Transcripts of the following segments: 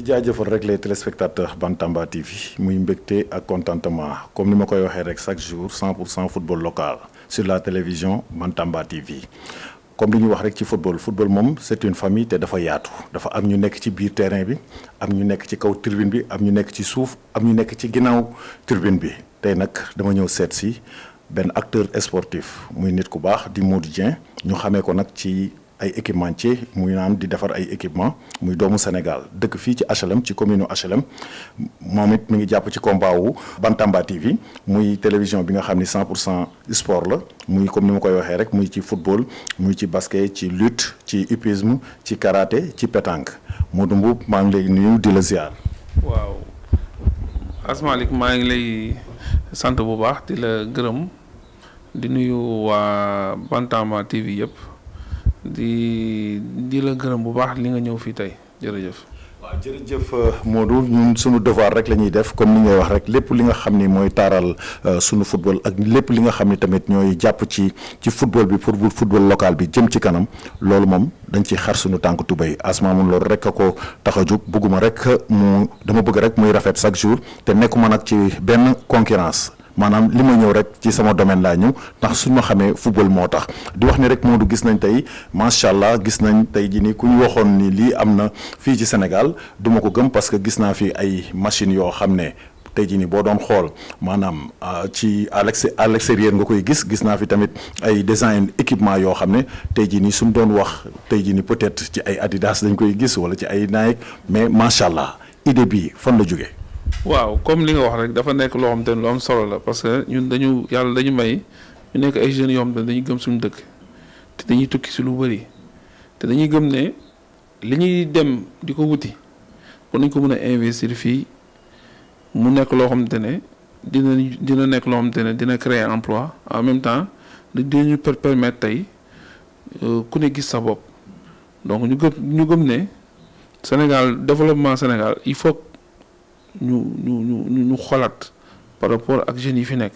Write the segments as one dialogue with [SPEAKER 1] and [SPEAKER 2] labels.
[SPEAKER 1] di jaajëfal rek les téléspectateurs Bantamba TV muy mbégte ak contentement comme ni ma koy waxee rek chaque jour 100 pour 100 football local sur la télévision Bantamba TV. comme li ñu wax rek ci football football moom c'est une famille te dafa yaatu dafa am ñu nekk ci biir terrain bi am ñu nekk ci kaw tribune bi am ñu nekk ci suuf am ñu nekk ci ginnaaw tribune bi tey nag dama ñëw seet si benn acteur esportif muy nit ku baax di Modou Dieng ñu xame ko nag ci. ay équipementier muy naan di defar ay équipement muy doomu Sénégal dëkk fii ci HLM ci commune HLM moom it mu ngi jàpp ci combat wu Bantamba TV muy télévision bi nga xam ni 100 cent sport la muy comme ni ma koy waxee rek muy ci football muy ci basket ci lutte ci hippisme ci karaté ci pétanque Modou Mboup maa ngi lay nuyu di la ziar. waaw
[SPEAKER 2] asalaamaaleykum maa ngi lay sant bu baax di la gërëm di nuyu waa Bantamba TV yëpp. di di la gërëm bu baax li nga ñëw fii tey jërëjëf.
[SPEAKER 1] waaw jërëjëf euh, Modou ñun suñu devoir rek la ñuy def comme ni ngay wax rek lépp li nga xam ni mooy taaral euh, suñu football ak lépp li nga xam ni tamit ñooy jàpp ci ci football bi pour football local bi jëm ci kanam loolu moom dañ ciy xar suñu tànk tubéy asmaa mun loolu rek a ko tax a jóg bëgguma rek mu dama bëgg rek muy rafet chaque jour te nekkuma nag ci benn concurrence maanaam li ma ñëw rek ci sama domaine laa ñëw ndax suñ ma xamee football moo tax di wax ni rek moo du gis nañ tey macha allah gis nañ tey ji ni ku ñu waxoon ni lii am na fii ci Sénégal du ko gëm parce que gis naa fi ay machines yoo xam ne tey jii nii boo doon xool maanaam ah, ci à l'extérieur nga koy gis gis naa fi tamit ay design équipement yoo xam ne tey jii nii suñ doon wax tey jii nii peut-être ci ay Adidas dañ koy gis wala ci ay Nike mais macha allah idée bi fan la jógee.
[SPEAKER 2] waaw comme li nga wax rek dafa nekk loo xam te ne lu am solo la parce que ñun dañu yàlla dañu may ñu nekk ay jeunes yoo xam te ne dañu gëm suñu dëkk te dañuy tukki si lu bëri te dañuy gëm ne li ñuy dem di ko wuti pour nañ ko mën a investir fii mu nekk loo xam te ne dina dina nekk loo xam te ne dina créer emploi en même temps dinañu per permettre tey euh, ku ne gis sa bopp donc ñu ñu gëm ne Sénégal développement Sénégal il faut ñu ñu ñu ñu xalaat par rapport ak jeunes yi fi nekk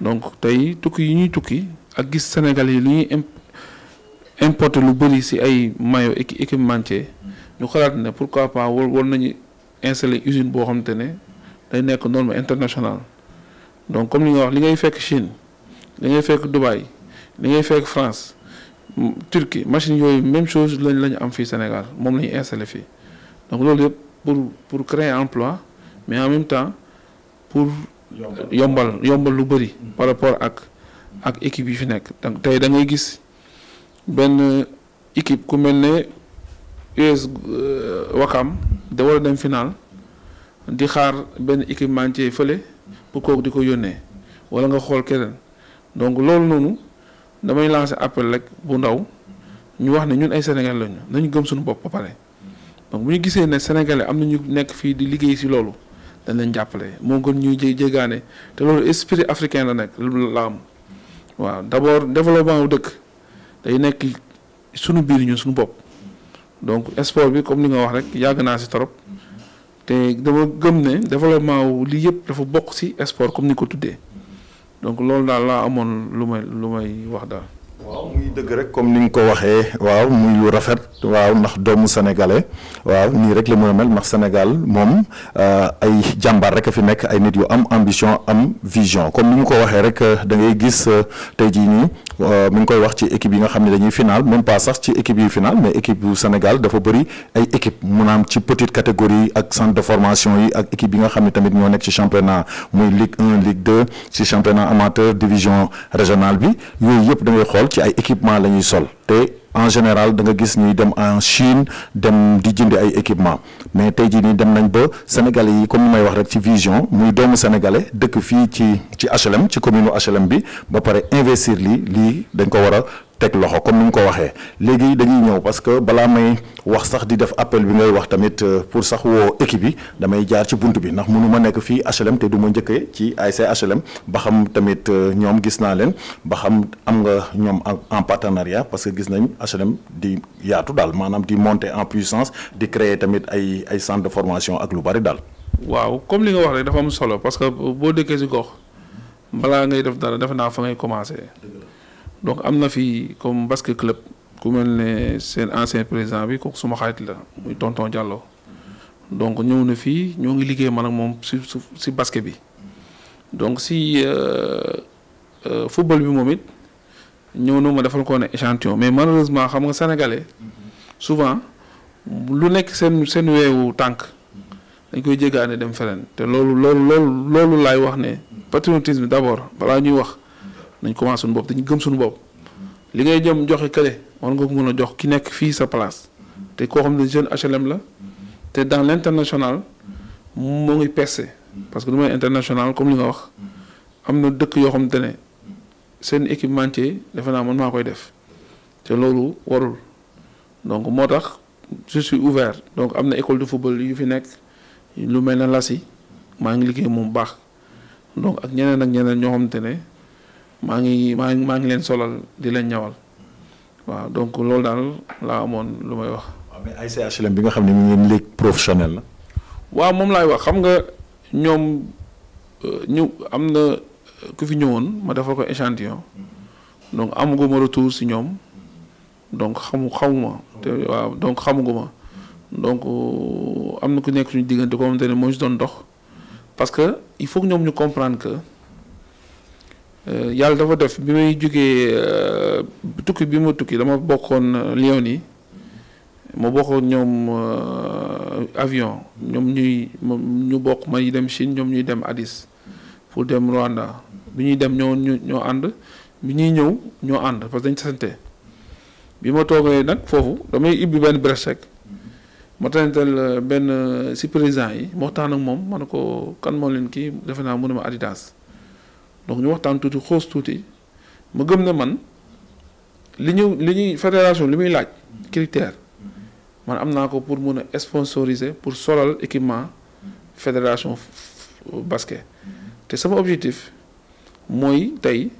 [SPEAKER 2] donc tey tukki yi ñuy tukki ak gis Sénégal yi lu ñuy importer lu bëri ci ay maillot équipementier ñu xalaat ne pourquoi pas war war nañu installer usine boo xamante ne day nekk norme international donc comme li nga wax li ngay fekk Chine li ngay fekk Dubaï li ngay fekk France Turquie machine yooyu même chose lañ la ñu am fii Sénégal moom la ñu installé fii donc loolu yëpp pour pour créer emploi mais en même temps pour yombal yombal lu bëri mm. par rapport ak ak équipe yi fi nekk donc tey da gis benn équipe ku mel ne US euh, Wakam da war a dem final di xaar benn équipementier fële pour kook di ko yónnee wala nga xool kereen donc loolu noonu damay lancer appel rek bu ndaw ñu wax ne ñun ay Sénégal lañu nañu gëm suñu bopp ba pare donc bu ñu gisee ne sénégalais am na ñu nekk fii di liggéey si loolu dañ leen jàppale moo gën ñuy jé jéggaane te loolu esprit africain la nekk la am waaw d' abord développement wu dëkk day nekk sunu biir ñu suñu bopp donc sport bi comme ni nga wax rek yàgg naa si trop te dama gëm ne développement wu lii yëpp dafa bokk si sport comme ni ko tuddee donc loolu daal laa amoon lu may lu may wax daal.
[SPEAKER 1] waaw muy dëgg rek comme ni nga ko waxee waaw muy lu rafet waaw ndax doomu sénégalais waaw nii rek la mën a mel ndax Sénégal moom euh, ay jàmbaar rek a fi nekk ay nit yu am ambition am vision comme ni nga ko waxee rek euh, da ngay gis euh, tey jii ñu mi ngi koy wax ci équipe yi nga xam ne dañuy final même pas sax ci équipe yi final mais équipe bu Sénégal dafa bëri ay équipe munaam ci petite catégorie ak centre de formation yi ak équipe yi nga xam ne tamit ñoo nekk ci championnat muy Ligue 1 Ligue 2 ci championnat amateur division régionale bi yooyu yëpp da ci ay équipement la ñuy sol te en général da nga gis ñuy dem en Chine dem di jëndi ay équipement mais tey jii nii dem nañ ba sénégalais yi comme ni may wax rek ci vision muy doomu sénégalais dëkk fii ci ci HLM ci commune HLM bi ba pare investir li lii dañ ko war a teg loxo comme ni mu ko waxee léegi dañuy ñëw parce que balaa may wax sax di def appel bi ngay wax tamit euh, pour sax woo équipe bi damay jaar ci bunt bi ndax mënu ma nekk fii HLM te du ma njëkkee ci ASC HLM ba xam tamit euh, ñoom gis naa leen ba xam am nga ñoom en partenariat parce que gis nañ HLM di yaatu daal maanaam di monter en puissance di créer tamit ay ay centre de formation ak lu bari daal.
[SPEAKER 2] waaw comme li nga wax rek dafa am solo parce que boo dëkkee si gox balaa ngay def dara defe naa fa ngay commencer. donc am na fi comme basket club ku mel ne seen ancien président bi kooku suma xarit la muy tonton Diallo donc ñëw na fii ñoo ngi liggéey man ak moom si si basket bi donc si euh, euh, football bi moom it ñëw na ma defal ko ne échantillon mais malheureusement xam nga sénégalais souvent lu nekk seen seen weewu tànk dañ koy jéggaane dem feneen te loolu loolu loolu laay wax ne patriotisme d'abord balaa ñuy wax. nañ commencé suñu bopp dañu gëm suñu bopp li ngay jëm joxe kële war nga ko mën a jox ki nekk fii sa place te koo xam ne jeune HLM la te dans l' international moo ngi percé parce que du may international comme li nga wax am na dëkk yoo xam te ne seen équipementier defe naa man maa koy def te loolu warul donc moo tax je suis ouvert donc am na école de football yu fi nekk lu mel ne lasi maa ngi liggéey moom baax donc ak ñeneen ak ñeneen ñoo xam te ne. maa ngi maa ngi maa ngi leen solal di leen ñawal waaw donc loolu daal laa amoon lu may wax. waaw mais
[SPEAKER 1] bi nga xam ne mu ngi ligue professionnelle la.
[SPEAKER 2] waaw moom laay wax xam nga ñoom euh, ñu am na ku fi ñëwoon ma defal ko échantillon donc amaguma retour si ñoom donc xamu xamuma te waaw donc xamaguma donc euh, am na ku nekk suñu diggante ko xamante ne moo ci doon dox parce que il faut que ñoom ñu comprendre que. Euh, yàlla dafa def bi may jógee euh, tukki bi ma tukki dama bokkoon euh, Lyon yi ma bokkoon ñoom avion ñoom ñuy ñu bokk may dem Chine ñoom ñuy dem Addis pour dem Rwanda bi ñuy dem ñoo ñu ànd bi ñuy ñëw ñoo ànd parce que dañ bi ma toogee nag foofu damay ibbi benn brèche rek ma tànnal benn si président yi ma waxtaan ak moom ma ne ko kan moom leen kii defe naa mu ne donc ñu waxtaan tuuti xoos tuuti ma gëm ne man li ñu li ñuy fédération li muy laaj critère man am naa ko pour mun a sponsoriser pour solal équipement fédération basket te sama objectif mooy tey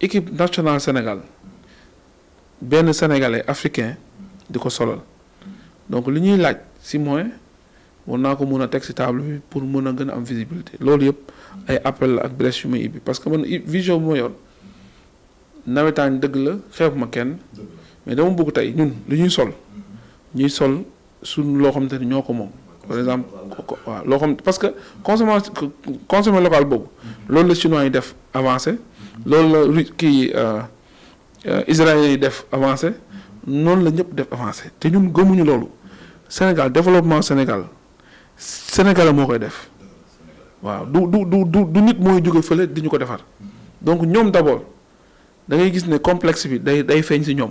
[SPEAKER 2] équipe nationale Sénégal benn sénégalais africain di ko solal donc li ñuy laaj si moyen war naa ko mun a teg si table bi pour mën a gën a am visibilité loolu yëpp ay appel la ak brèche yu may ibbi parce que man vision bu ma yor nawetaan dëgg la xeeb ma kenn mais dama bëgg tey ñun li ñuy sol ñuy sol suñ loo xam te ñoo ko moom par exemple waaw loo xam parce que consommation consommer local boobu loolu la chinois yi def avancé loolu la kii euh, euh, israéliens yi def avancé noonu la ñëpp def avancé te ñun gëmuñu loolu Sénégal développement Sénégal Sénégal moo koy def waaw du du du du du nit mooy jóge fële di ñu ko defar donc ñoom d'abord da ngay gis ne complexe bi day day feeñ ci ñoom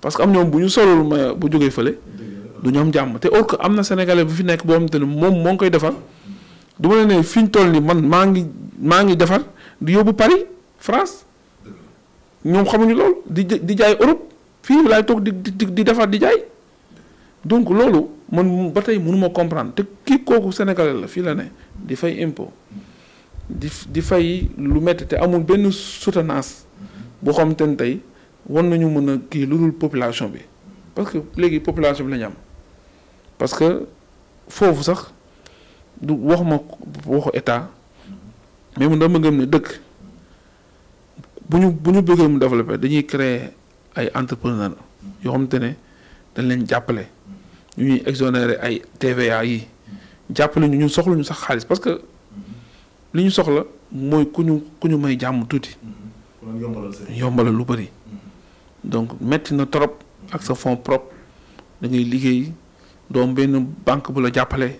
[SPEAKER 2] parce que am ñoom bu ñu solul ma bu jógee fële du ñoom jàmm te or am na sénégalais bu fi nekk boo xam te ne moom moo koy defar du ma ne ne fi ñu toll nii man maa ngi maa ngi defar di yóbbu Paris France ñoom xamuñu loolu di di jaay Europe fii laay toog di di di defar di jaay. donc loolu man ba tey mënuma comprendre te kii kooku sénégalais la fii la ne di fay impôt di di fay lu métti te amul benn soutenance boo xam ne tey war nañu mën a kii lu population bi parce que léegi population bi la ñu am parce que foofu sax du wax ma waxu état mais mu dama gëm ne dëkk bu ñu bu ñu bëggee mu développé dañuy créer ay entrepreneur yoo xam ne dañ leen jàppale. ñuy exonéré ay TVA yi jàppale ñu ñun soxla ñu sax xaalis parce que li ñu soxla mooy ku ñu ku ñu may jàmm tuuti. yombale lu bëri. donc metti na trop ak sa fonds propre da liggéey doom benn banque bu la jàppale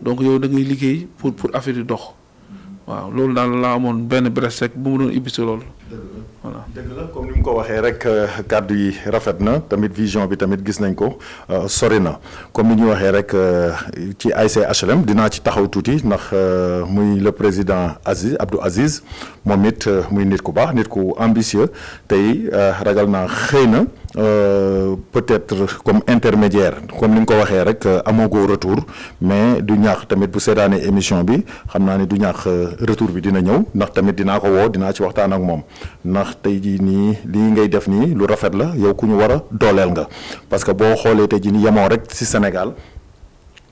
[SPEAKER 2] donc yow da liggéey pour pour affaire yi dox waaw loolu daal laa amoon benn brèche bu mu doon ibbi si loolu.
[SPEAKER 1] voilà dëgg la comme ni mu ko waxee rek euh, kàddu yi rafet na tamit vision bi tamit gis nañ ko euh, sori na comme ni ñu waxee rek euh, ci ICHLM dinaa ci taxaw tuuti ndax muy le président Aziz Abdou Aziz moom it muy nit ku baax nit ku ambitieux tey ragal naa xëy na. Euh, peut-être comme intermédiaire comme ni nga ko waxee rek euh, amagoo retour mais du ñaax tamit bu seetaanee émission bi xam naa ne du ñaax euh, retour bi dina ñëw ndax tamit dinaa ko woo dinaa ci waxtaan ak moom ndax tey jii nii lii ngay def nii lu rafet la yow ku ñu war a dooleel nga parce que boo xoolee tey jii nii yemoo rek ci Sénégal.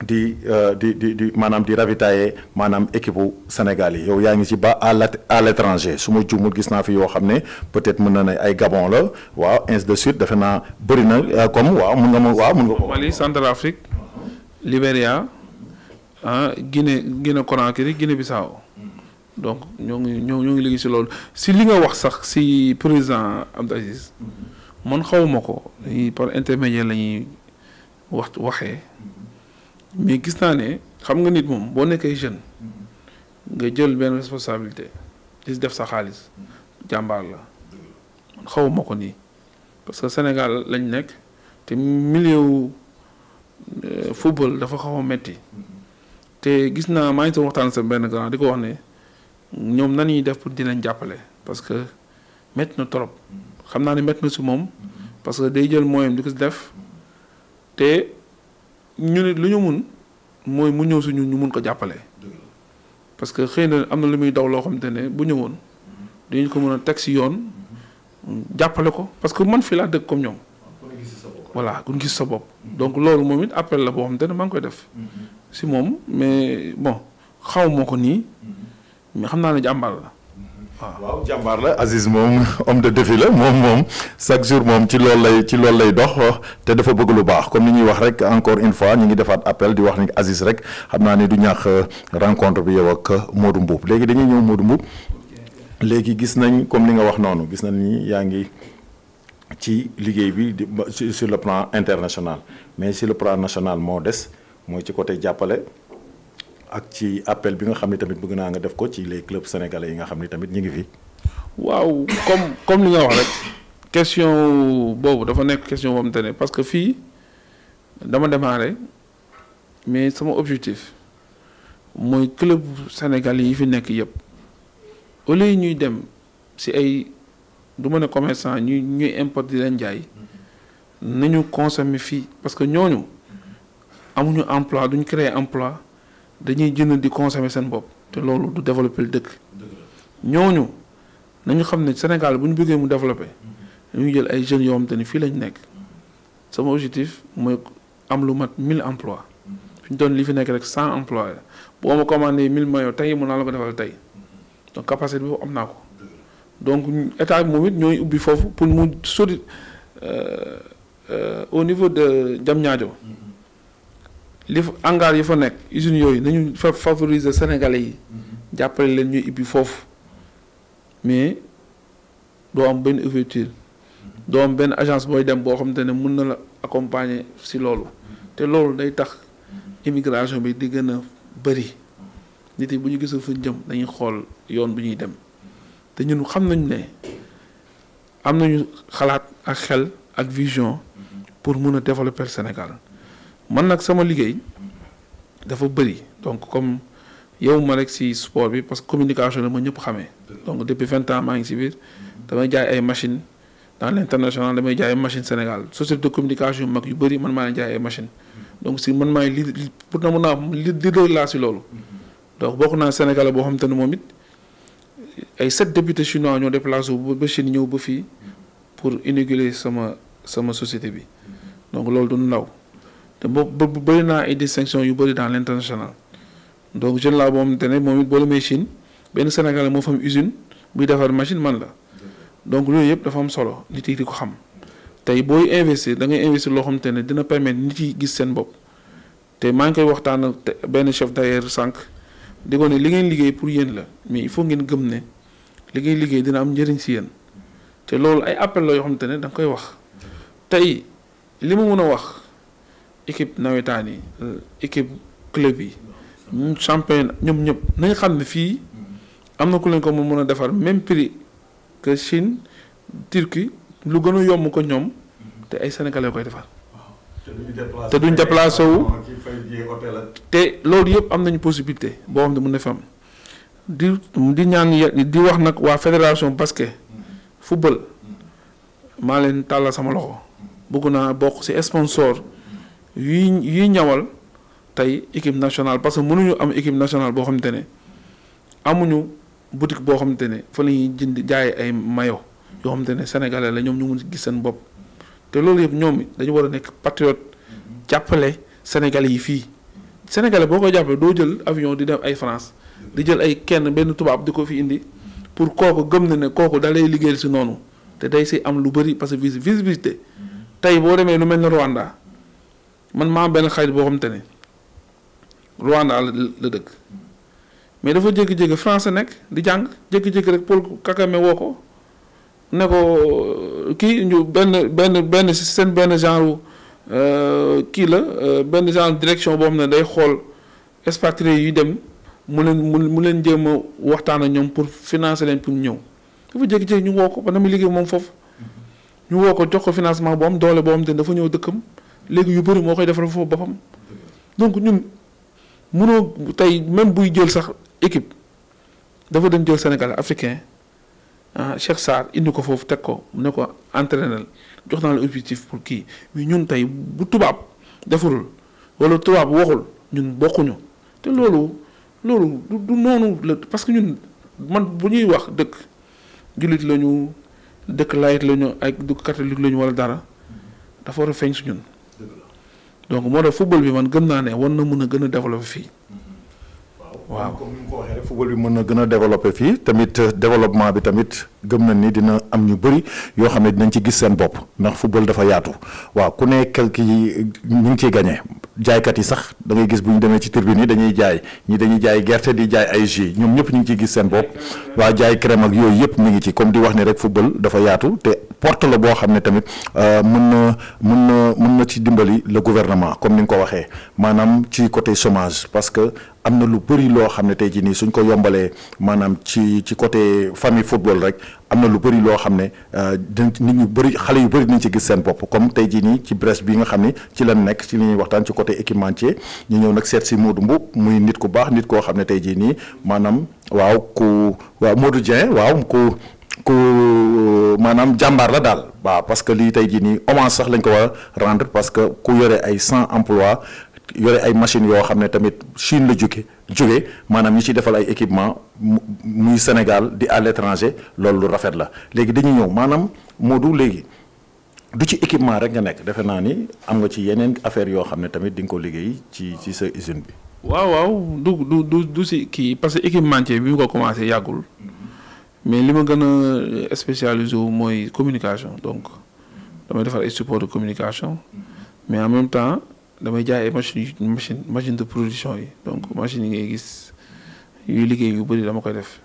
[SPEAKER 1] di euh, di di di maanaam di ravitailler maanaam équipe bu Sénégal yi yow yaa ngi ci ba à à l'étranger su ma juumul gis naa fi yoo xam ne peut-être mën na ne ay Gabon la waaw ainsi de suite defe naa bëri na euh, comme waaw mun nga ma waaw mun nga ko.
[SPEAKER 2] Mali Centrafrique Libéria ah Guinée Guinée Conakry Guinée Bissau donc ñoo ngi ñoo ngi liggéey si loolu si li nga wax sax si président am Aziz man xawuma ko par intermédiaire la ñuy wax waxee. mais gis naa ne xam nga nit moom boo nekkee jeune nga jël benn responsabilité di def sa xaalis jàmbaar la man xawuma ko nii parce que Sénégal lañ nekk te milieu euh, football dafa xaw a metti te gis naa maa ngi doon waxtaan sa benn grand di ko wax ne ñoom nan ñuy def pour di leen jàppale parce que métti na trop xam naa ne métti na si moom parce que day jël moyen di ko def te. ñu nit lu ñu mun mooy mu ñëw suñu ñu mun ko jàppale. parce que xëy na am na lu muy daw loo xamante ne bu ñëwoon mhm. dañu ko mën a teg si yoon mhm. jàppale ko parce que man fii laa dëkk comme ñoom. voilà ah, ku gis sa bopp. Mhm. donc loolu moom it appel la boo xamante ne maa ngi koy def. si moom mais bon xaw moo ko nii mais xam naa ne jàmbaar la.
[SPEAKER 1] Ah. waaw jàmbaar la Aziz moom homme de défi la moom moom chaque jour moom ci loolu lay ci loolu lay dox te dafa bëgg lu baax comme ni ñuy wax rek encore une fois ñu ngi defaat appel di wax ni Aziz rek xam naa ni du ñàkk euh, rencontre bi yow ak euh, Modou Mbuub léegi dañuy ñëw Modou Mbuub léegi gis nañ comme li nga wax noonu gis nañ ni yaa ngi ci liggéey bi sur le plan international mais sur le plan national moo des mooy ci côté jàppale. ak ci appel bi nga xam ne tamit bëgg naa nga def ko ci les clubs sénégalais yi nga xam ne tamit ñu ngi fi. waaw comme comme li nga wax rek question
[SPEAKER 2] boobu dafa nekk question boobu te ne parce que fii dama démarré mais sama objectif mooy club sénégalais yi fi nekk yëpp au lieu ñuy dem si ay du ma ne commerçant ñuy ñuy importe di leen jaay nañu consommer fii parce que ñooñu amuñu emploi duñ créer emploi dañuy jënd di consommer seen bopp te loolu du développer le dëkk. ñooñu nañu xam ne Sénégal bu ñu bëggee mu développer dañuy jël ay jeunes yoo xam te ni fii lañ nekk sama objectif mooy am lu mat mille emplois fi ñu doon li fi nekk rek cent emplois boo ma commandé mille maillots tey mën naa la ko defal tey donc capacité bi am naa ko donc état bi moom it ñooy ubbi foofu pour mu sori euh, euh, au niveau de Diamniadio. li hangar yi fa nekk usines yooyu nañu fa favoriser sénégalais yi mm-hmm. jàppale leen ñuy ibbi foofu mais doo am benn ouverture mm-hmm. doo am benn agence booy dem boo xamante ne mun na la accompagner si loolu mm-hmm. te loolu day tax immigration bi di gën a bëri nit yi bu ñu gisul fu ñu jëm dañuy xool yoon bu ñuy dem te ñun xam nañu ne am nañu xalaat ak xel ak vision pour mun a développer Sénégal man nag sama liggéey dafa bëri donc comme yow ma rek si sport bi parce que communication la ma ñëpp xamee donc depuis vingt ans maa ngi si biir damay jaay ay machine dans l' international damay jaay ay machine Sénégal société de communication mag yu bëri man maa jaay ay machine donc si man maay li pour na mun naa li leader laa si loolu donc bokk naa Sénégal boo xam te ne moom it ay sept députés chinois ñoo déplacé wu ba Chine ñëw ba fii pour inaugurer sama sama société bi donc loolu du ndaw te boobu bëri naa ay distinction yu bëri dans l' international donc jeune laa boo xamante ne moom it boo demee Chine benn Sénégalais moo fa am usine buy defar machine man la donc loolu yëpp dafa am solo nit yi di ko xam tey booy investir da ngay investir loo xamante ne dina permettre nit yi gis seen bopp te maa ngi koy waxtaan ak benn chef d'ailleurs sànq di ko ne li ngeen liggéey pour yéen la mais il faut ngeen gëm ne li ngay liggéey dina am njëriñ si yéen te loolu ay appel la yoo xamante ne da koy wax li ma mën a wax. équipe nawetaan yi équipe club yi champion ñoom ñëpp nañ xam ne fii am na ku leen ko mu mën a defar même prix que Chine Turquie lu gën a yomb ko ñoom te ay sénégalais koy defar.
[SPEAKER 1] te duñ déplacé wu
[SPEAKER 2] te loolu yëpp am nañu possibilité boo xam ne mën na fam am di di ñaan di wax nag waa fédération basket football maa leen tàllal sama loxo bëgg naa bokk ci sponsor. yuy yuy ñawal tey équipe nationale parce que mënuñu am équipe nationale boo xamante ne amuñu boutique boo xamante ne fa la ñuy jënd jaay ay mayo yoo xamante ne sénégalais la ñoom ñu mun gis seen bopp te loolu yëpp ñoom dañu war a nekk patriote jàppale sénégalais yi fii sénégalais boo koy jàppale doo jël avion di dem ay France di jël ay kenn benn tubaab di ko fi indi pour kooku gëm na ne kooku da lay liggéeyal si noonu te day si am lu bëri parce que visibilité tey boo demee lu mel ne Rwanda. man maa benn xarit boo xam te ne Rwanda la dëkk mais dafa jékki-jékki français nekk di jàng jékki-jékki rek Paul Kagame woo ko ne euh, kii ñu benn benn benn seen benn genre euh, kii la euh, benn genre direction boo xam ne day xool expatriés yu dem mu leen mu mu leen jéem a waxtaan ak ñoom pour financer leen pour ñëw dafa jékki-jékki ñu woo ko ba dama liggéey moom foofu ñu woo ko jox ko financement boo am doole boo xam te ne dafa ñëw dëkkam. léegi yu bëri moo koy defal foofu boppam donc ñun mënoo tey même buy jël sax équipe dafa dem jël Sénégal africain ah Cheikh Sarr indi ko foofu teg ko ne ko entraînel jox naa la objectif pour kii mais ñun tey bu tubaab defarul wala tubaab waxul ñun bokkuñu te loolu loolu du du noonu la parce que ñun man bu ñuy wax dëkk jullit lañu dëkk layit lañu ay dëkk catholique lañu wala dara dafa war a feeñ su ñun donc moo tax football bi man gën naa ne war na mun a gën a développer fii mm-hmm.
[SPEAKER 1] waaw. football bi mën na gën a développé fii tamit euh, développement bi tamit gëm na ni dina am ñu bëri yoo xam ne dinañ ci gis seen bopp ndax football dafa yaatu waa ku ne quelque yi euh, ñu ngi ciy gagné jaaykat yi sax da ngay gis bu ñu demee ci tribune yi dañuy jaay dañuy jaay gerte di jaay ay jus ñoom ñëpp ñu ngi ciy gis seen bopp waa jaay crème ak yooyu yëpp mi ngi ci comme di wax ni rek football dafa yaatu te porte la boo xam ne tamit euh, mën na mën na mën na ci dimbali la gouvernement comme ni nga ko waxee maanaam ci côté chômage parce que am na lu bëri loo xam ne tey jii nii suñ ko yombalee maanaam ci ci côté famille football rek am na lu bëri loo xam ne euh, nit ñu bari xale yu bëri dinañ ci gis seen bopp comme tey jii nii ci Brest bii nga xam ne ci lan nekk ci lu ñuy waxtaan ci côté équipementier ñu ñëw nag seet si Modou Mboup muy nit ku baax nit koo xam ne tey jii nii maanaam waaw ku waaw Modou Dieng waaw ku ku euh, maanaam jàmbaar la daal waaw parce que lii tey jii nii hommage sax lañ ko war a rendre parce que ku yore ay cent emplois yore ay machine yoo xam ne tamit Chine la jóge jóge maanaam ñi ci defal ay équipement muy Sénégal di à l'étranger loolu lu rafet la léegi dañuy ñëw maanaam moo du léegi du ci équipement rek nga nekk defe naa ni am nga ci yeneen affaire yoo xam ne tamit di nga ko liggéey ci ci sa usine bi.
[SPEAKER 2] waaw waaw du du du du si kii parce que équipementier bi ñu ko commencé yàggul mais li ma gën a spécialisé wu mooy communication donc damay defar ay support de communication mais damay jaay ay machine machine machine de production yi donc machine yi ngay gis yuy liggéey yu bëri dama koy def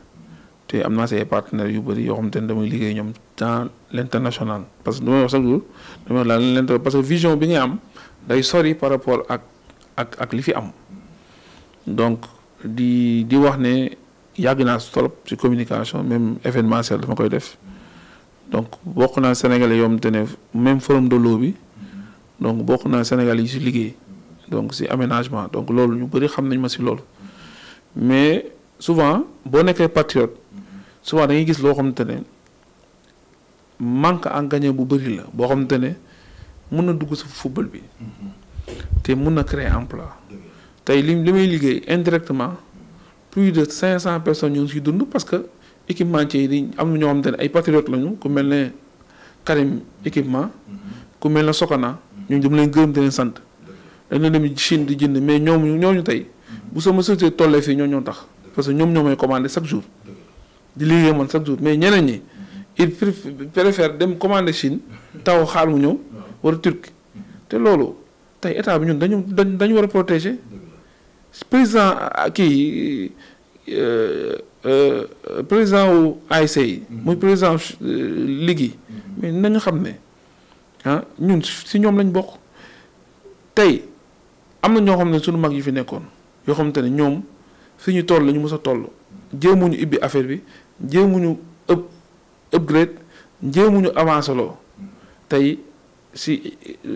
[SPEAKER 2] te am naa say partenaires yu bëri yoo xam te ne damay liggéey ñoom dans l'international parce que du ma wax chaque jour dama parce que vision bi ngay am day sori par rapport ak ak ak li fi am donc di di wax ne yàgg naa si trop ci communication même événementiel dama koy def donc bokk naa Sénégalais yoo xam te ne même forum de l'eau bi donc boo bokk naa Sénégal yi si liggéey donc si aménagement donc loolu ñu bëri xam nañ ma si loolu mais souvent boo nekkee patriote souvent dañuy gis loo xamante ne manque à bu bëri la boo xamante ne mun na dugg si football bi te mun na créer emploi tey li li muy liggéey indirectement plus de cinq cent personnes ñu ngi si dund parce que équipementiers yi di am na ñoo xamante ne ay patriotes lañu ku mel ne Karim équipement ku mel ne Sokana ñooñu dama leen gërëm di leen sant dañ leen dem Chine di jënd mais ñoom ñooñu tey bu sama société tollee fii ñoo ñoo tax parce que ñoom ñoo may commandé chaque jour di liggéey man chaque jour mais ñeneen dem commandé Chine taw xaar mu ñëw wala Turquie te loolu tey état bi ñun dañu dañ dañu war a protéger président ah, kii euh, euh, président wu ASC e yi muy président euh, ligue mais nañu xam ne ah ñun si ñoom lañu bokk tey am na ñoo xam ne suñu mag yu fi nekkoon yoo xamante ne ñoom fi ñu toll la ñu mës a toll jéemuñu ibbi affaire bi jéemuñu ëpp upgrade jéemuñu avancé loo tey si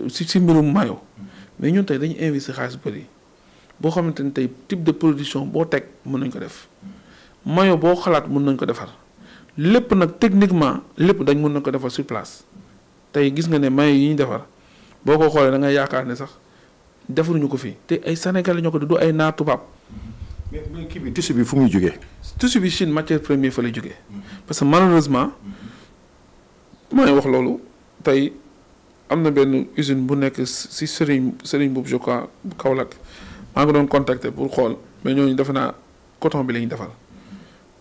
[SPEAKER 2] si si mbirum mayo mais ñun tey dañu investir xaalis bëri boo xamante ne tey type de production boo teg mun nañ ko def mayo boo xalaat mun nañ ko defar lépp nag techniquement lépp dañ mën nañ ko defar sur place tey gis nga ne maillot yi ñu defar boo ko xoolee da ngay yaakaar ne sax defaruñu ko fii te ay Sénégalais ñoo ko du ay naar tubaab.
[SPEAKER 1] mais kii bi tissu bi fu muy jógee.
[SPEAKER 2] tissu bi Chine matière premier fa lay jógee. parce que malheureusement. mooy wax loolu tey am na benn usine bu nekk si Serigne Serigne boobu je crois Kaolack maa ngi doon contacter pour xool mais ñooñu defe naa coton bi la ñu defal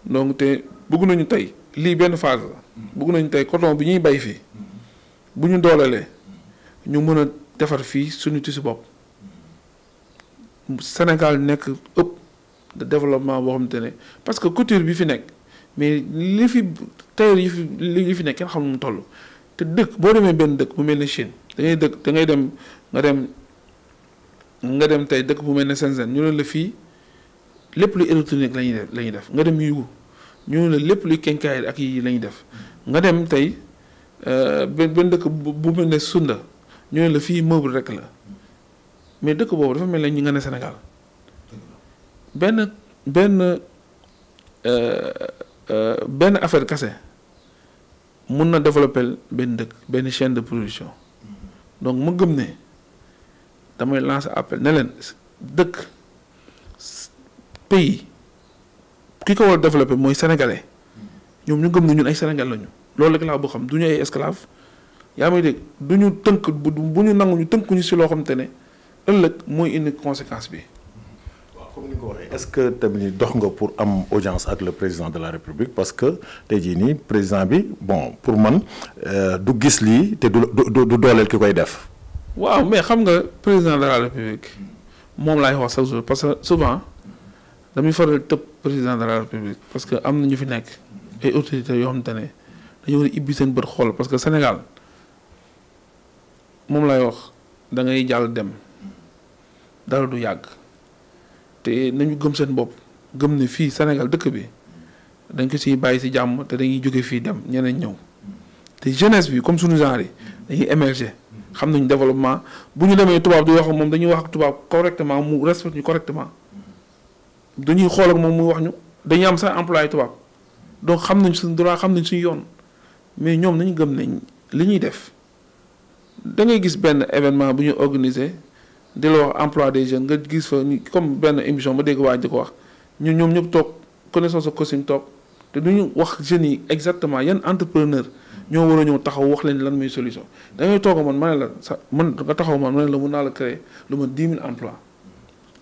[SPEAKER 2] donc te bëgg nañu tey lii benn phase la. bëgg nañu tey coton bi ñuy bay fii. bu ñu doolelee ñu mën a defar fii suñu tisu bopp Sénégal nekk ëpp de développement boo xamante ne parce que couture bi fi nekk mais li fi tailleur yi fi li fi nekk kenn xam nu mu toll te dëkk boo demee benn dëkk bu mel ne Chine da dëkk dangay dem nga dem nga dem tey dëkk bu mel ne Shenzhen ñu ne la fii lépp lu électronique la ñuy def la def nga dem yugu ñu ne lépp luy kenkaay ak yi la def nga dem tey. Euh, benn benn dëkk bu mel ne Sunda ñu ne la fii meuble rek la mais dëkk boobu dafa mel ne ñu nga ne senegal benn benn euh, euh, benn affaire kase mun na développer benn dëkk benn chaîne de production donc ma gëm ne damay lancer appel ne leen dëkk pays ki ko war a mooy sénégalais ñoom ñu gëm ne ñun ay sénégalais lañu. loolu la laa boo xam du ñu ay esclave yaa may dégg du ñu tënk bu ñu nangu ñu tënkuñu si loo xam te ne ëllëg mooy indi conséquence bi.
[SPEAKER 1] waaw comme ce que tamit dox nga pour am audience ak le président de la république parce que tey jii nii président bi bon pour man euh, du gis lii te du du dooleel ki koy def.
[SPEAKER 2] waaw mais xam nga président de la république moom laay wax chaque jour parce que souvent dañuy faral tëb président de la république parce que am na ñu fi nekk ay autorités yoo xam te ne. dañu ibbi seen bët xool parce que Sénégal moom lay wax da ngay jàll dem dara du yàgg te nañu gëm seen bopp gëm ne fii Sénégal dëkk bi dañ ko siy bàyyi si jàmm te dañuy jóge fii dem ñeneen ñëw te jeunesse bi comme suñu genre yi dañuy émerger xam nañu développement bu ñu demee tubaab du wax moom dañuy wax ak tubaab correctement mu respecte ñu correctement dañuy xool ak moom muy wax ñu dañu am sax employé tubaab donc xam nañ suñu droit xam nañ suñu yoon. mais ñoom nañu gëm ne li ñuy def dangay gis benn événement bu ñu organiser di la wax emploi des jeunes nga gis fa comme benn émission ma dégg waaj di ko wax ñun ñoom ñëpp toog connaissance ak costume toog te du ñu wax jeunes yi exactement yan entrepreneur ñoo war a ñëw taxaw wax leen lan muy solution da ngay toog man ma ne la sa man nga taxaw man ma la mun naa la créer lu ma 10 000 emplois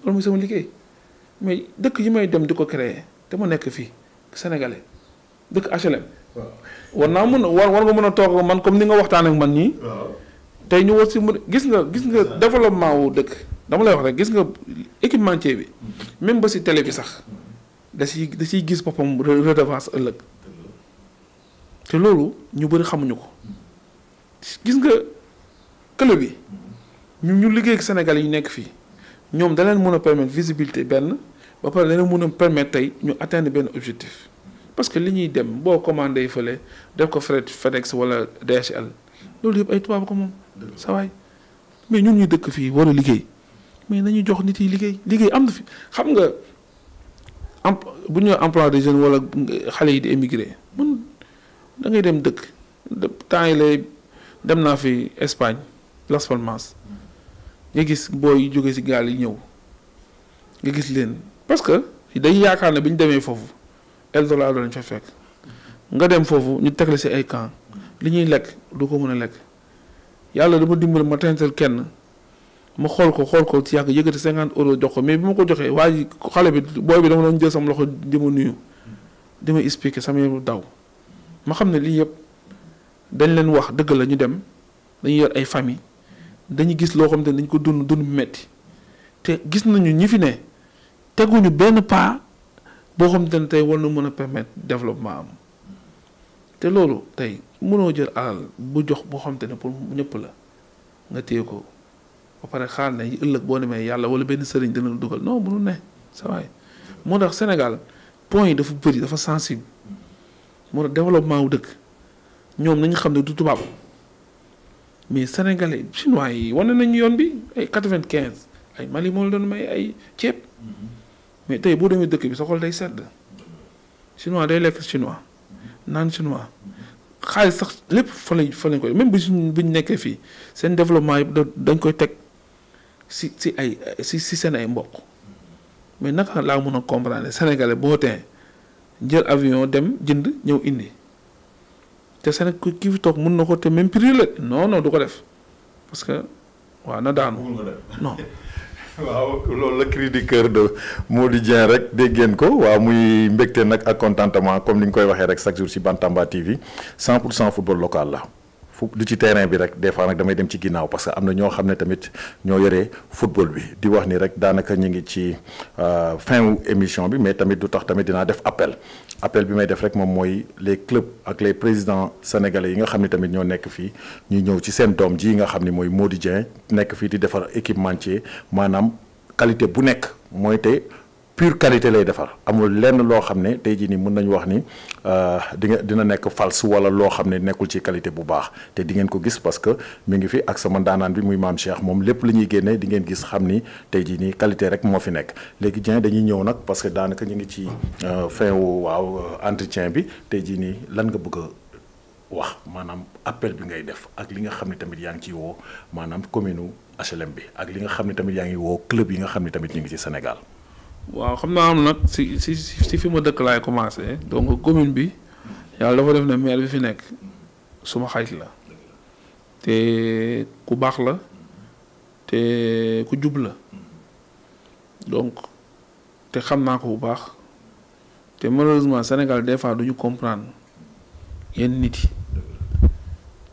[SPEAKER 2] loolu mooy sama liggéey mais dëkk yi may dem di ko créer te ma nekk fii sénégalais dëkk HLM. war naa mën war war nga mën a toog man comme ni nga waxtaan ak man ñii. tey ñu war si mun gis nga gis nga développement wu dëkk dama lay wax rek gis nga équipementier bi même ba si télé bi sax da siy da siy gis boppam redevance ëllëg te loolu ñu bëri xamuñu ko gis nga kële bi ñu ñu liggéey ak Sénégal yi nekk fii ñoom da mën a permettre visibilité benn ba pare da mën a permettre tey ñu atteindre benn objectif. parce que li ñuy dem boo commandé fële def ko fret FedEx wala DHL loolu yëpp ay tubaab ko moom sa mais ñun ñuy dëkk fii war a liggéey mais nañu jox nit yi liggéey liggéey am na fi xam nga am bu ñu des jeunes wala xale yi di émigré mun da ngay dem dëkk temps yi lay dem naa fi Espagne Las Palmas nga gis yi jóge ci gaal yi ñëw nga gis leen parce que dañ yaakaar ne bi ñu demee foofu Eldorado lañ fa fekk nga dem foofu ñu tegle si ay camp li ñuy lekk du ko mën a lekk yàlla dama dimbali ma tental kenn ma xool ko xool ko ci yàgg yëkkati cinquante euros jox ko mais bi ma ko joxee waa xale bi booy bi dama doon jël sama loxo di ma nuyu di ma expliqué sama yaru daw ma xam ne lii yëpp dañ leen wax dëgg la ñu dem dañu yor ay famille dañu gis loo xam te dañ ko dund dund metti te gis nañu ñi fi ne teguñu benn pas boo xam te ne tey war na mën a permettre développement am te loolu tey mënoo jël alal bu jox boo xam ne pour ñëpp la nga téye ko ba pare xaar ne ëllëg boo ne demee yàlla wala benn sëriñ dina la dugal non bu nu ne sa waay moo tax Sénégal point yi dafa bëri dafa sensible moo tax développement wu dëkk ñoom nañu xam ne du tubaab mais sénégalais chinois yi wane nañu yoon bi ay quatre-vingt-quinze ay Mali moo la doon may ay ceeb. Mm-hmm. mais tey boo demee dëkk bi sa xol day sedd chinois day lekk chinois naan chinois xaalis sax lépp fa lañ fa lañ koy même bi suñ bi ñu nekkee fii seen développement yi dañ koy teg si si ay si si seen ay mboq mais naka laa mën a comprendre sénégalais boo tee jël avion dem jënd ñëw indi te Sénégal kii fi toog mën na ko te même prix la non non du ko def parce que waaw na daanu non
[SPEAKER 1] waaw loolu la crédit du cœur moo di Dieng rek déggeen ko waaw muy mbégte nag ak contentement comme ni ñu koy waxee rek chaque jour ci Bantamba TV 100 pour 100 football local la. fu du ci terrain bi rek des fois nag damay dem ci ginnaaw parce que am na ñoo xam ne tamit ñoo yore football bi di wax nii rek daanaka ñu ngi ci euh, fin wu émission bi mais tamit du tax tamit dinaa def appel appel bi may def rek moom mooy les clubs ak les président sénégalais yi nga xam ne tamit ñoo nekk fii ñu ñëw ci seen doom ji nga xam ne mooy Mody Dieng nekk fii di defar équipementier maanaam qualité bu nekk mooy tey. pure qualité lay defar amul lenn loo xam ne tey jii nii mën nañu wax ni euh, di nga dina nekk false wala loo xam ne nekkul ci qualité bu baax te di ngeen ko gis parce que mi ngi fi ak sama ndaanaan bi muy maam Cheikh moom lépp li ñuy génnee di ngeen gis xam ni tey jii nii qualité rek moo fi nekk léegi Dieng dañuy ñëw nag parce que daanaka ñu ngi ci euh, fin wu waaw euh, entretien bi tey jii nii lan nga bëgg a wax maanaam appel bi ngay def ak li nga xam ne tamit yaa ngi ciy woo maanaam commune HLM bi ak li xam ne tamit yaa ngi woo club yi nga xam ne tamit ñu ngi ci Sénégal.
[SPEAKER 2] waaw xam naa am nag si si si fi ma dëkk laay commencé donc commune bi yàlla dafa def ne maire bi fi nekk suma xarit la te ku baax la te ku jub la donc te xam naa ko bu baax te malheureusement Sénégal des fois du ñu comprendre yenn nit yi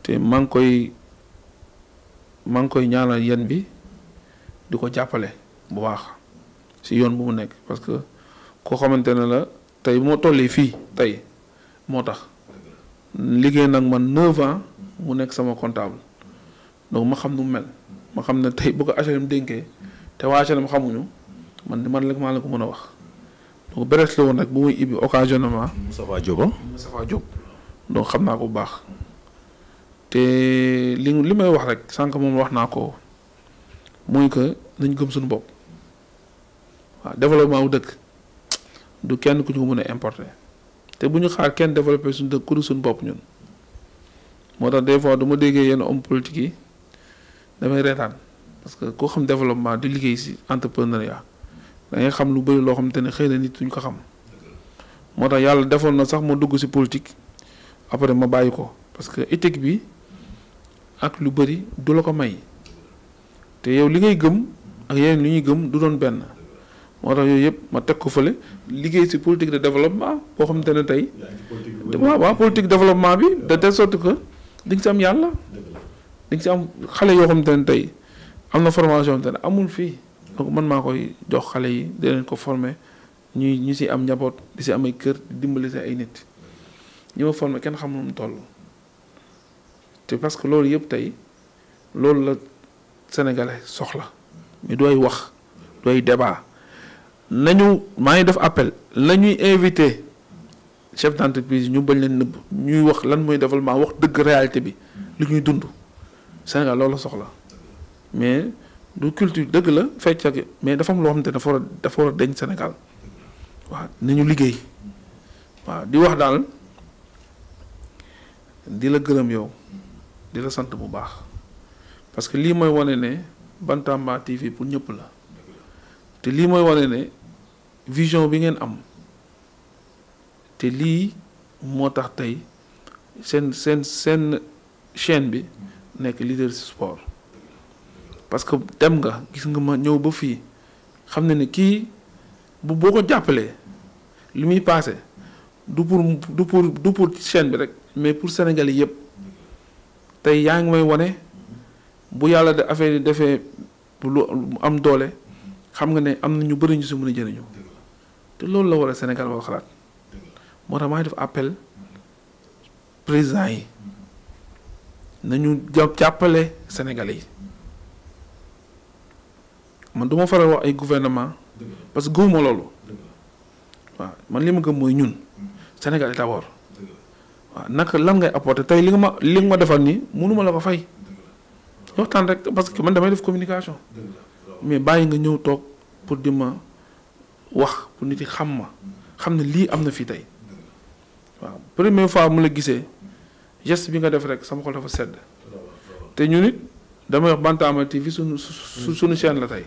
[SPEAKER 2] te maa koy maa ngi koy ñaanal yenn bi di ko jàppale bu baax. si yoon bu mu nekk parce que koo xamante ne la tey moo tollee fii tey moo tax liggéey nag man 9 ans mu nekk sama comptable donc ma xam nu mu mel ma xam ne tey bu ko HLM dénkee te waa mu H&M xamuñu man man la maa la ko mën a wax donc beres woon rek bu muy ibbi occasionnellement.
[SPEAKER 1] Moustapha Diop ah. Moustapha
[SPEAKER 2] Diop donc xam naa ko bu baax te li li may wax rek sànq moom wax naa ko mooy que nañ gëm suñu bopp. waaw développement wu dëkk du kenn ku ñu ko mën a importer te bu ñu xaar kenn développé suñu dëkk ku dul suñu bopp ñun moo tax des fois du ma déggee yenn om politique yi damay reetaan parce que koo xam développement di liggéey si entrepreneuriat da ngay xam lu bëri loo xam te ne xëy na nit duñ ko xam moo tax yàlla defoon na sax ma dugg si politique après ma bàyyi ko parce que éthique bi ak lu bëri du la ko may te yow li ngay gëm ak yeneen li ñuy gëm du doon benn. moo tax yooyu yëpp ma teg ko fële liggéey si politique de développement boo xam te ne tey waaw waaw politique développement bi de telle sorte que di nga si am yàlla di nga si am xale yoo xam te ne tey am na formation te amul fii donc man koy jox xale yi dinañ ko former ñuy ñu si am njaboot di si am ay kër di dimbali si ay nit ñi ma formé kenn xam mu toll te parce que loolu yëpp tey loolu la sénégalais soxla mais du ay wax du ay débat nañu maa ngi def appel la ñuy invité chef d'entreprise ñu bañ leen nëbb ñuy wax lan mooy développement wax dëgg réalité bi lu ñuy dund Sénégal loolu soxla mais du culture dëgg la fecc ak mais dafa am loo xam dafa war a dafa war a deñ Sénégal waaw nañu liggéey waa di wax daal di la gërëm yow di la sant bu baax parce que lii mooy wane ne Bantamba TV pour ñëpp la te lii mooy wane ne. vision bi ngeen am te lii moo tax tey seen seen seen chaîne bi nekk leader sport parce que dem nga gis nga ma ñëw ba fii xam ne ne kii bu boo ko jàppalee li muy passé du pour du pour du pour chaîne bi rek mais pour Sénégalais yëpp tey yaa ngi may wane bu yàlla de affaire yi defee lu am doole xam nga ne am na ñu bëri ñu si mën a jëriñu te loolu la war a Sénégal war xalaat moo tax maa def appel président yi nañu jàppale sénégal yi man du ma faral wax ay gouvernement parce que gëmuma loolu waaw man li ma gëm mooy ñun Sénégal d'abord waaw naka lan ngay apporter tey li nga ma li nga ma defal nii mënuma la ko fay waxtaan rek parce que man damay def communication mais bàyyi nga ñëw toog pour di wax pour nit yi xam ma xam ne lii am na fii tey waaw première fois mu la gisee geste bi nga def rek sama xol dafa sedd te ñu nit dama wax Bantamba TV suñu suñu chaîne la tey.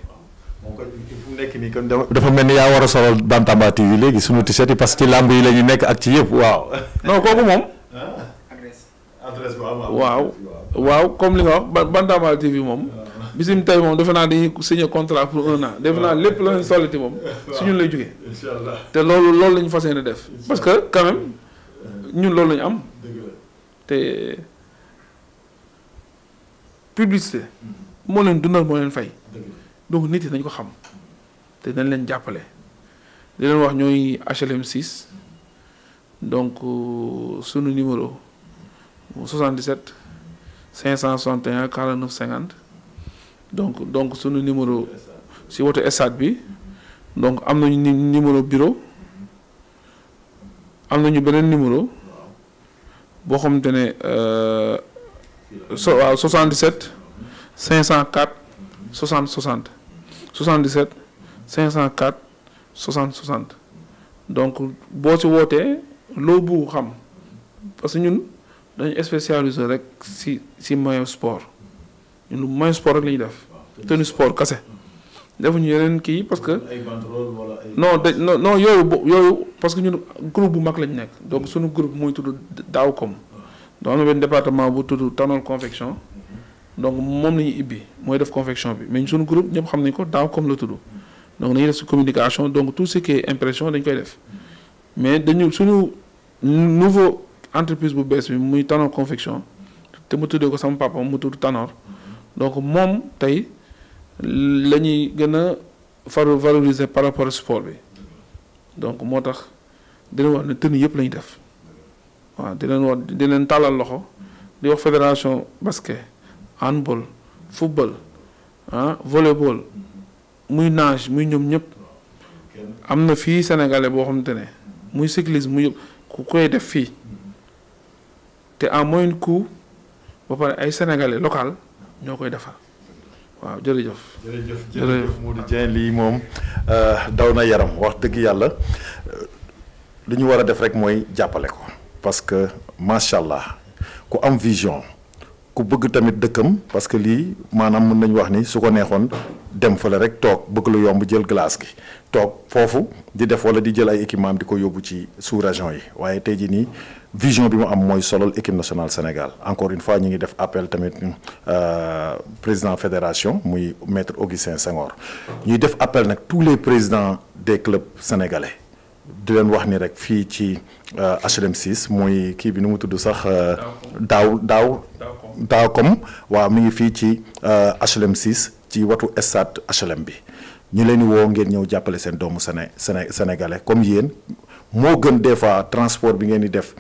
[SPEAKER 1] nekk nii kon dafa mel ni yaa war a solal Bantamba TV léegi suñu t-shirt yi parce que ci làmb yi la ñu nekk ak ci yëpp waaw.
[SPEAKER 2] non kooku moom. Ah, adresse waaw waaw comme li nga wax Bantamba TV moom. bisim tey moom defe naa dañuy signé contrat pour un an defe naa lépp la leen soliti moom su ñun lay jógee te loolu loolu la ñu fas def parce que quand ñun loolu la am te publicité moo leen dundal moo leen fay donc nit yi nañ ko xam te dañ leen jàppale di leen wax ñooy HLM 6 donc euh, sunu numéro 77 561 49 50 donc donc suñu numéro si woto stade bi donc am nañu numéro bureau am nañu beneen numéro boo xamante ne euh, so waaw 77 504 60 60 77 504 60 60 donc boo ci wootee loo bëgg xam parce que ñun dañu spécialisé rek si si moyen sport ñun mooy sport rek la def. tenue sport kase. defuñu yeneen kii parce que. non de non non yooyu bo yooyu parce que ñun groupe bu mag lañ nekk donc suñu groupe muy tudd daaw kom donc am département bu tudd tanool confection. donc moom la ñuy ibbi mooy def confection bi mais suñu groupe ñëpp xam nañ ko daaw comme la tudd donc dañuy def si communication donc tout ce qui impression dañ koy def mais dañu suñu nouveau entreprise bu bees bi muy Tanor confection te mu tuddee ko sama papa mu tudd Tanor donc moom tey la ñuy gën a faru valoriser par rapport sport bi donc moo tax dina wax ne tënnu yëpp la def waaw di leen wax di leen tàllal loxo di wax fédération basket handball football ah volleyball muy nage muy ñoom ñëpp am na fii sénégalais boo xamante ne muy cyclisme mu yëpp ku koy def fii te en moyenne coût ba pare ay sénégalais local. ñoo koy defar waaw jërëjëf. jërëjëf
[SPEAKER 1] jërëjëf Modou Dieng lii moom euh, daw na yaram wax dëgg yàlla euh, li ñu war a def rek mooy jàppale ko parce que macha allah ku am vision ku bëgg tamit dëkkam parce que lii maanaam mën nañu wax ni su ko neexoon. dem fa la rek toog bëgg lu yomb jël glace gi toog foofu di def wala di jël ay équipement di ko yóbbu ci sous région yi waaye tey jii nii vision bi mu am mooy solal équipe nationale Sénégal encore une fois ñu ngi def appel tamit euh, président fédération muy maître Augustin Senghor ñuy def appel nag tous les présidents des clubs sénégalais di leen wax ni rek fii ci HLM euh, 6 muy kii bi nu mu tudd sax. daaw daaw daaw comme waaw mi ngi fii ci HLM euh, 6. ci watu stade HLM bi ñu leen di woo ngeen ñëw jàppale seen doomu séné séné sénégalais comme yéen moo gën des fois transport bi ngeen di def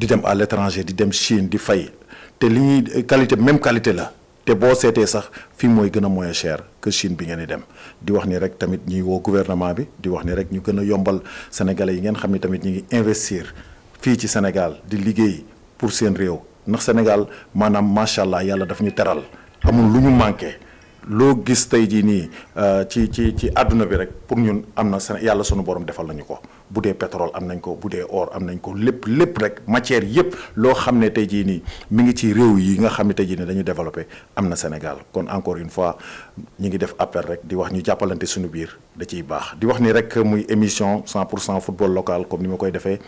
[SPEAKER 1] di dem à l'étranger di dem Chine di fay te li ñuy qualité même qualité la te boo seetee sax fii mooy gën a moins cher que Chine bi ngeen di dem di wax nii rek tamit ñuy woo gouvernement bi di wax nii rek ñu gën a yombal sénégalais yi ngeen xam ni tamit ñu ngi investir fii ci Sénégal di liggéey pour seen réew ndax Sénégal maanaam macha allah yàlla daf ñu teral manqué. loo gis tey jii nii euh, ci ci ci àdduna bi rek pour ñun am na seen yàlla sunu borom defal nañu ko bu dee pétrole am nañ ko bu dee or am nañ ko lépp lépp rek matière yépp loo xam ne tey jii nii mi ngi ci réew yi nga xam ne tey jii nii dañu développé am na Sénégal kon encore une fois ñi ngi def appel rek di wax ñu jàppalante suñu biir da ciy baax di wax ni rek muy émission cent pour cent football local comme ni ma koy defee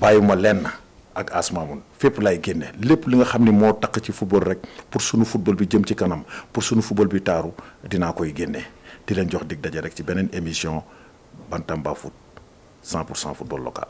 [SPEAKER 1] ma lenn. ak Asmaamoun fépp lay génne lépp li nga xam ne moo taq ci football rek pour sunu football bi jëm ci kanam pour sunu football bi taaru dinaa koy génne di leen jox dig daje rek ci beneen émission Bantamba foot 100 pour cent football local.